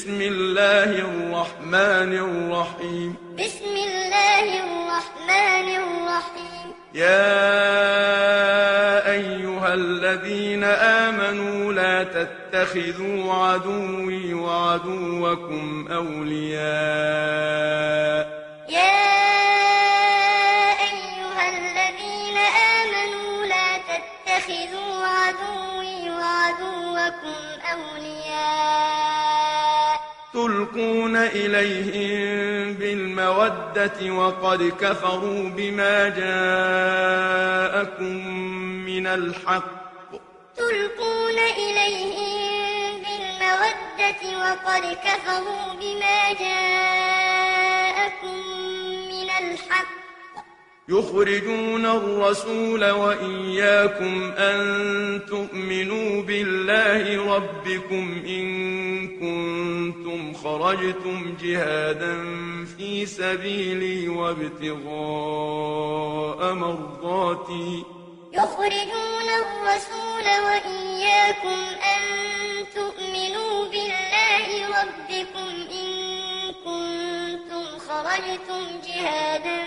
بسم الله الرحمن الرحيم بسم الله الرحمن الرحيم يا أيها الذين آمنوا لا تتخذوا عدوي وعدوكم أولياء يا أيها الذين آمنوا لا تتخذوا عدوي وعدوكم أولياء تلقون إليهم بالمودة وقد كفروا بما جاءكم من الحق تلقون إليهم بالمودة وقد كفروا بما جاءكم من الحق يخرجون الرسول وإياكم أن تؤمنوا بالله ربكم إن خرجتم جهادا في سبيلي وابتغاء مرضاتي يخرجون الرسول وإياكم أن تؤمنوا بالله ربكم إن كنتم خرجتم جهادا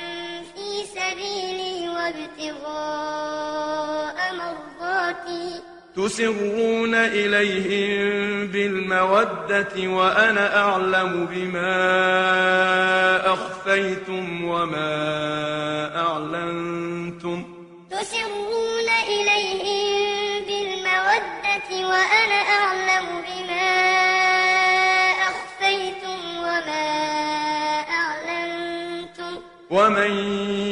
في سبيلي وابتغاء تسرون إليهم بالمودة وأنا أعلم بما أخفيتم وما أعلنتم تسرون إليهم بالمودة وأنا أعلم بما ومن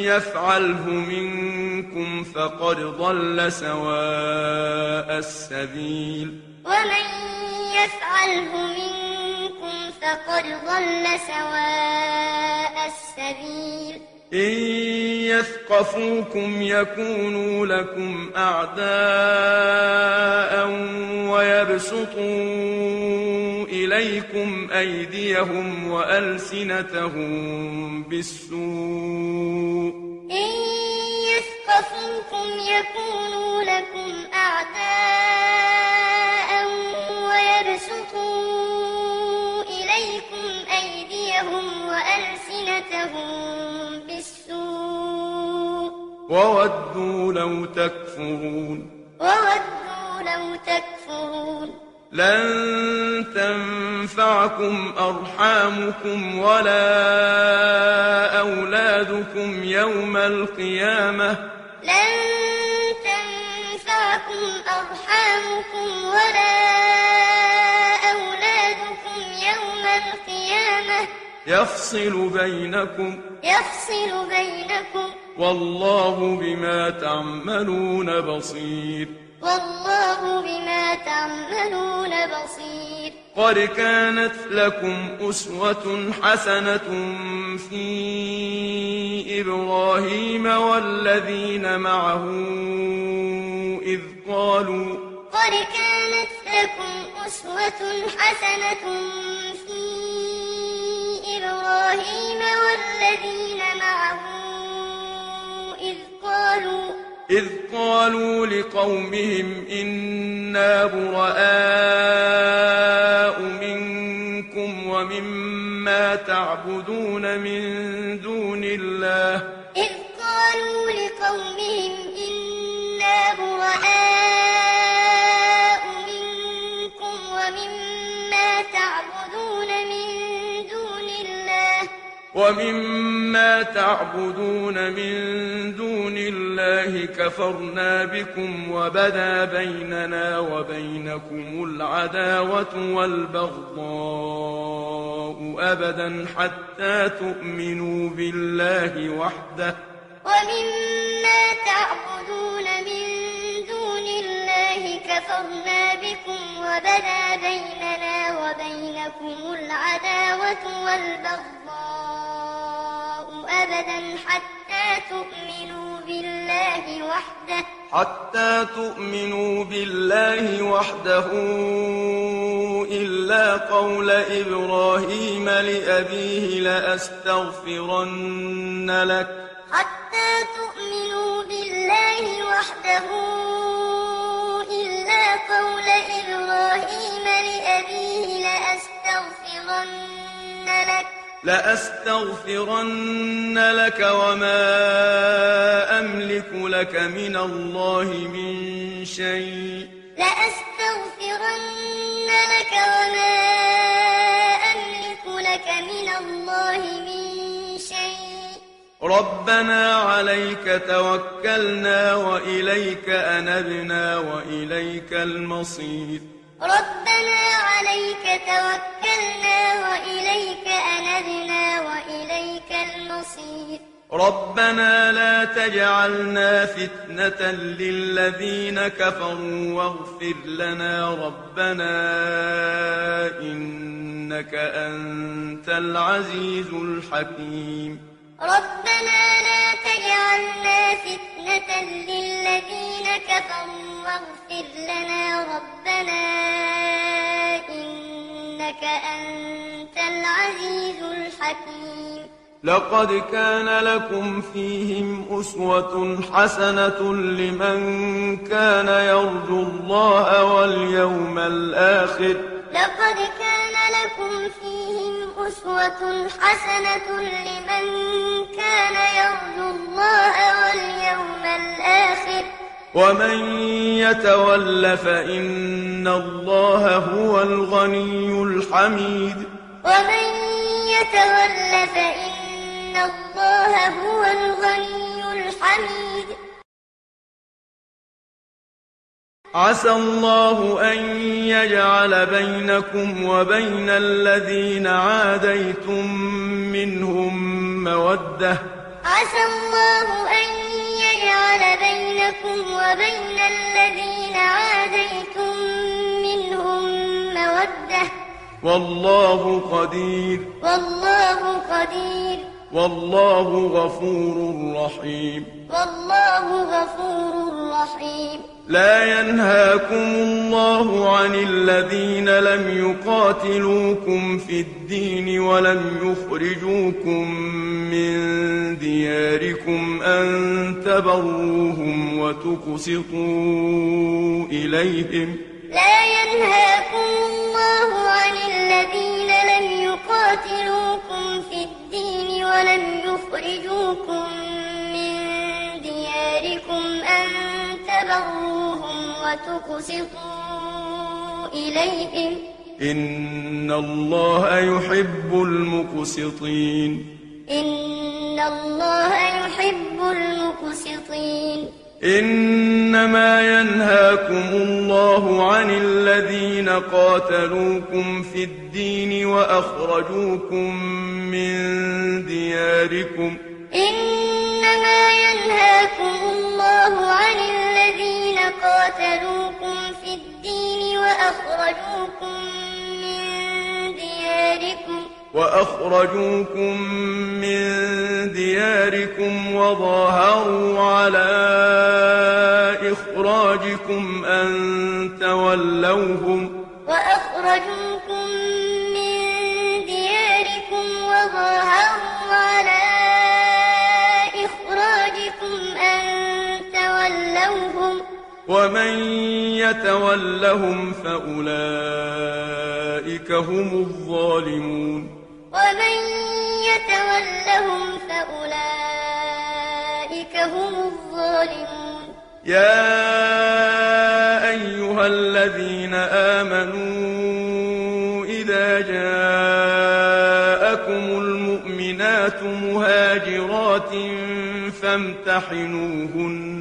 يفعله منكم فقد ضل سواء السبيل ومن يفعله منكم فقد ضل سواء السبيل إن يثقفوكم يكونوا لكم أعداء ويبسطوا إليكم أيديهم وألسنتهم بالسوء إن يثقفوكم يكونوا لكم أعداء ويبسطوا إليكم أيديهم وألسنتهم وودوا لو تكفرون وودوا لو تكفرون لن تنفعكم أرحامكم ولا أولادكم يوم القيامة لن تنفعكم أرحامكم ولا أولادكم يوم القيامة يفصل بينكم يفصل بينكم والله بما تعملون بصير والله بما تعملون بصير قد كانت لكم أسوة حسنة في إبراهيم والذين معه إذ قالوا قد كانت لكم أسوة حسنة في إبراهيم والذين معه قالوا إذ قالوا لقومهم إنا براء منكم ومما تعبدون من ومما تعبدون من دون الله كفرنا بكم وبدا بيننا وبينكم العداوة والبغضاء أبدا حتى تؤمنوا بالله وحده ومما تعبدون من دون الله كفرنا بكم وبدا بيننا وبينكم العداوة والبغضاء أبدا حتى تؤمنوا بالله وحده حتى تؤمنوا بالله وحده إلا قول إبراهيم لأبيه لأستغفرن لك حتى تؤمنوا بالله وحده إلا قول إبراهيم لأبيه لأستغفرن لك لأستغفرن لك وما أملك لك من الله من شيء لأستغفرن لك وما أملك لك من الله من شيء ربنا عليك توكلنا وإليك أنبنا وإليك المصير ربنا عليك توكلنا وإليك أنبنا وإليك المصير ربنا لا تجعلنا فتنة للذين كفروا واغفر لنا ربنا إنك أنت العزيز الحكيم ربنا لا تجعلنا فتنة للذين كفروا واغفر لنا ربنا إنك أنت العزيز الحكيم لقد كان لكم فيهم أسوة حسنة لمن كان يرجو الله واليوم الآخر لقد كان لكم فيهم أسوة حسنة لمن كان يرجو الله واليوم الآخر ومن يتول فإن الله هو الغني الحميد ومن يتول فإن الله هو الغني الحميد عسى الله أن يجعل بينكم وبين الذين عاديتم منهم مودة عسى الله أن يجعل بينكم وبين الذين عاديتم منهم مودة والله قدير والله قدير والله غفور رحيم والله غفور رحيم لا ينهاكم الله عن الذين لم يقاتلوكم في الدين ولم يخرجوكم من دياركم أن تبروهم وتقسطوا إليهم لا ينهاكم الله عن الذين لم يقاتلوكم في الدين ولم يخرجوكم من دياركم أن تبروهم وتقسطوا إليهم إن الله يحب المقسطين إن الله يحب المقسطين إنما ينهاكم الله عن الذين قاتلوكم في الدين وأخرجوكم من دياركم إنما ينهاكم الله عن الذين قاتلوكم في الدين وأخرجوكم من دياركم وأخرجوكم من دياركم وظاهروا على إخراجكم أن تولوهم وأخرجوكم من دياركم وظاهروا على إخراجكم أن تولوهم ومن يتولهم فأولئك هم الظالمون ومن يتولهم فأولئك هم الظالمون يا أيها الذين آمنوا إذا جاءكم المؤمنات مهاجرات فامتحنوهن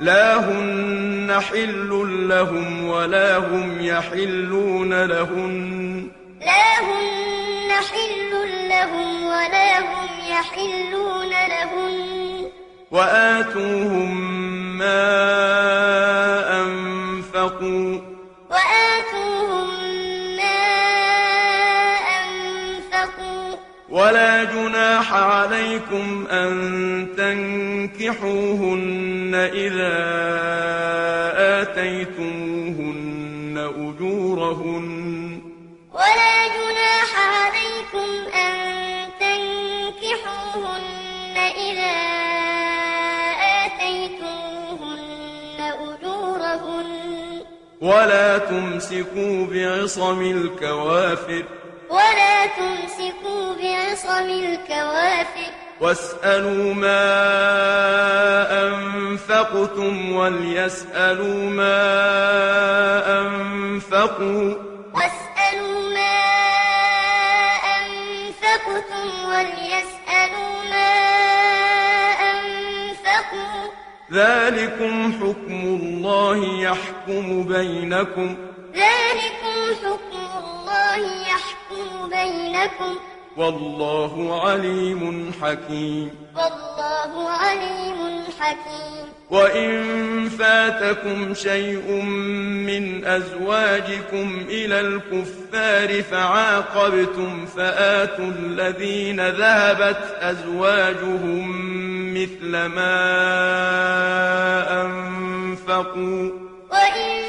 لا هن حل لهم ولا هم يحلون لهن لا هن حل لهم ولا هم يحلون لهن وآتوهم ما أنفقوا ولا جناح عليكم أن تنكحوهن إذا آتيتموهن أجورهن ولا جناح عليكم أن تنكحوهن إذا آتيتموهن أجورهن ولا تمسكوا بعصم الكوافر ولا تمسكوا بعصم الكوافر واسألوا ما أنفقتم وليسألوا ما أنفقوا واسألوا ما أنفقتم وليسألوا ما أنفقوا ذلكم حكم الله يحكم بينكم ذلكم حكم الله يحكم بينكم والله عليم حكيم والله عليم حكيم وإن فاتكم شيء من أزواجكم إلى الكفار فعاقبتم فآتوا الذين ذهبت أزواجهم مثل ما أنفقوا وإن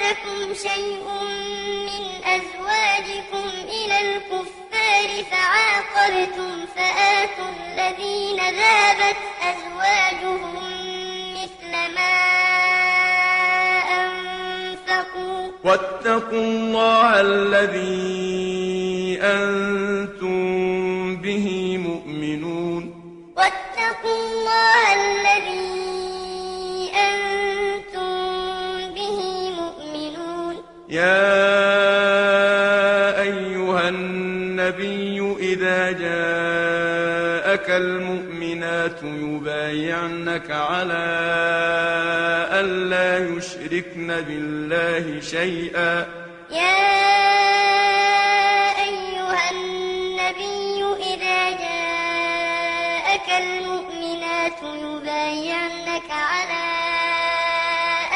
فاتكم شيء من أزواجكم إلى الكفار فعاقبتم فآتوا الذين ذابت أزواجهم مثل ما أنفقوا واتقوا الله الذي أنتم به مؤمنون واتقوا الله الذي المؤمنات يبايعنك على ألا يشركن بالله شيئا يا أيها النبي إذا جاءك المؤمنات يبايعنك على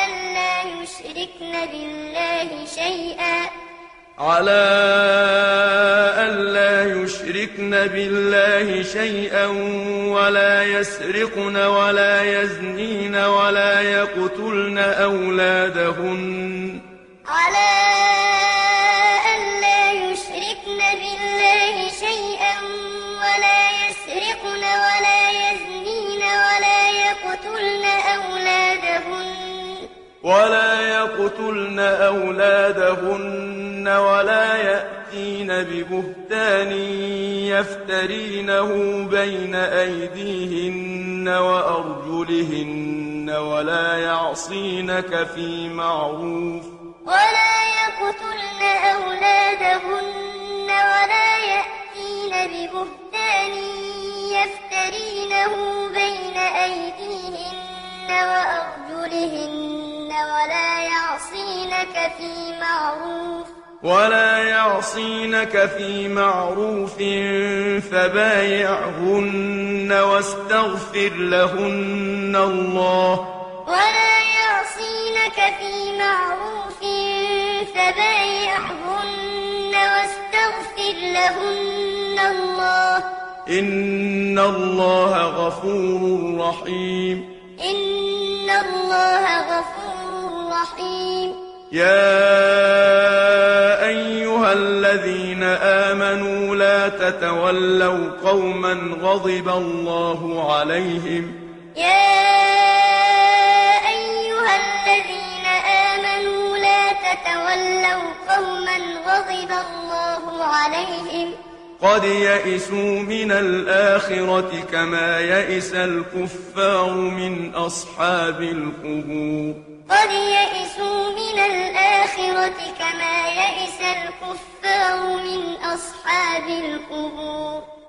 ألا يشركن بالله شيئا على يشركن بالله شيئا ولا يسرقن ولا يزنين ولا يقتلن أولادهن على أن لا يشركن بالله شيئا ولا يسرقن ولا يزنين ولا يقتلن أولادهن ولا يقتلن أولادهن ولا يأتين يأتين ببهتان يفترينه بين أيديهن وأرجلهن ولا يعصينك في معروف ولا يقتلن أولادهن ولا يأتين ببهتان يفترينه بين أيديهن وأرجلهن ولا يعصينك في معروف ولا يعصينك في معروف فبايعهن واستغفر لهن الله ولا يعصينك في معروف فبايعهن واستغفر لهن الله إن الله غفور رحيم إن الله غفور رحيم يا أيها الذين آمنوا لا تتولوا قوما غضب الله عليهم يا أيها الذين آمنوا لا تتولوا قوما غضب الله عليهم قد يئسوا من الآخرة كما يئس الكفار من أصحاب القبور قد يئسوا من الآخرة كما يئس الكفار من أصحاب القبور